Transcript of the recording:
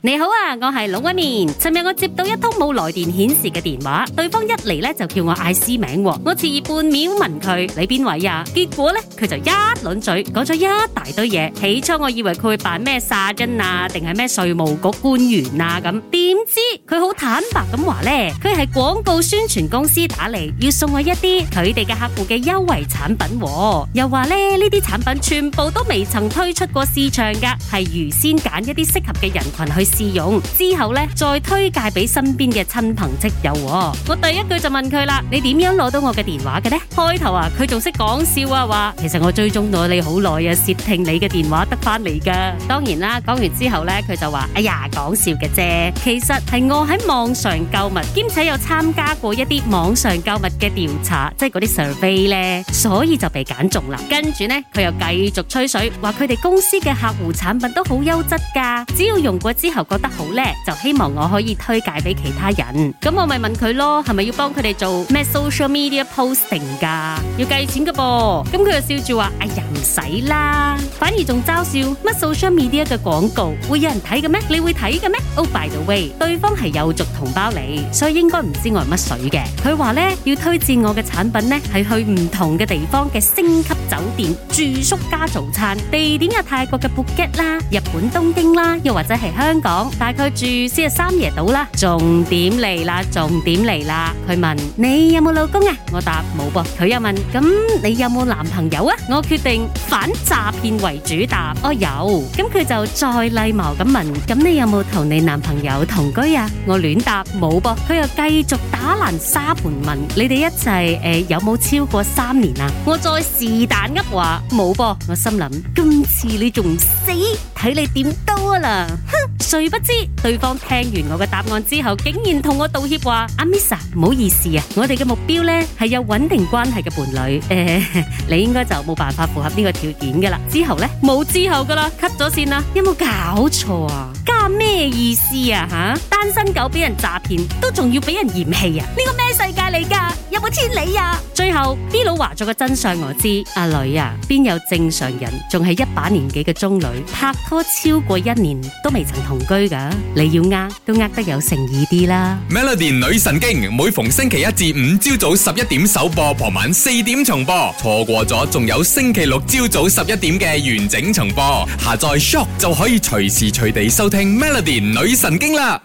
你好啊，我係老威面。尋日我接到一通冇來電顯示嘅電話，對方一嚟咧，就叫我嗌私名，我遲疑半秒問佢你邊位啊？結果咧佢就一輪嘴講咗一大堆嘢。起初我以為佢會扮咩沙真啊，定係咩稅務局官員啊咁，點知佢好坦白咁話咧，佢係廣告宣傳公司打嚟，要送我一啲佢哋嘅客戶嘅優惠產品，啊，又話咧呢啲產品全部都未曾推出過市場噶，係預先揀一啲適合嘅人群去。試用之後咧，再推介俾身邊嘅親朋戚友喔。我第一句就問佢啦：「你點樣攞到我嘅電話嘅呢？」開頭啊，佢仲識講笑啊，話其實我追蹤咗你好耐啊，竊聽你嘅電話得翻嚟噶。當然啦，講完之後咧，佢就話：「哎呀，講笑嘅啫。」其實係我喺網上購物，兼且又參加過一啲網上購物嘅調查，即係嗰啲 survey 咧，所以就被揀中啦。跟住呢，佢又繼續吹水，話佢哋公司嘅客戶產品都好優質噶，只要用過之後。就覺得好叻，就希望我可以推介俾其他人。咁我咪問佢咯，係咪要幫佢哋做咩 social media posting 噶？要計錢噶噃。咁佢又笑住話：哎呀唔使啦。反而仲嘲笑乜 social media 嘅廣告會有人睇嘅咩？你會睇嘅咩？Oh，By the way，對方係有族同胞嚟，所以應該唔知我係乜水嘅。佢話呢，要推薦我嘅產品呢，係去唔同嘅地方嘅星級酒店住宿加早餐，地點有泰國嘅布吉啦、日本東京啦，又或者係香港。講大概住先係三爺島啦，重點嚟啦，重點嚟啦。佢問你有冇老公啊？我答冇噃。佢、啊、又問咁、嗯、你有冇男朋友啊？我決定反詐騙為主答，哦，有。咁、嗯、佢就再禮貌咁問咁、嗯、你有冇同你男朋友同居啊？我亂答冇噃。佢、啊、又繼續打爛沙盤問你哋一齊誒、呃、有冇超過三年啊？我再是但噏話冇噃、啊。我心諗，今次你仲唔死，睇你點刀啊啦！誰不知對方聽完我嘅答案之後，竟然同我道歉話：阿 Misa，唔好意思啊，我哋嘅目標咧係有穩定關係嘅伴侶，誒、呃、你應該就冇辦法符合呢個條件噶啦。之後咧冇之後噶啦，cut 咗線啦。有冇搞錯啊？加咩意思啊？吓，單身狗俾人詐騙都仲要俾人嫌棄啊？呢個咩世界嚟噶？天理呀！最後 B 佬話咗個真相我知，阿女啊，邊有正常人仲係一把年紀嘅中女拍拖超過一年都未曾同居噶？你要呃都呃得有誠意啲啦。Melody 女神經每逢星期一至五朝早十一點首播，傍晚四點重播，錯過咗仲有星期六朝早十一點嘅完整重播。下載 Shock 就可以隨時隨地收聽 Melody 女神經啦。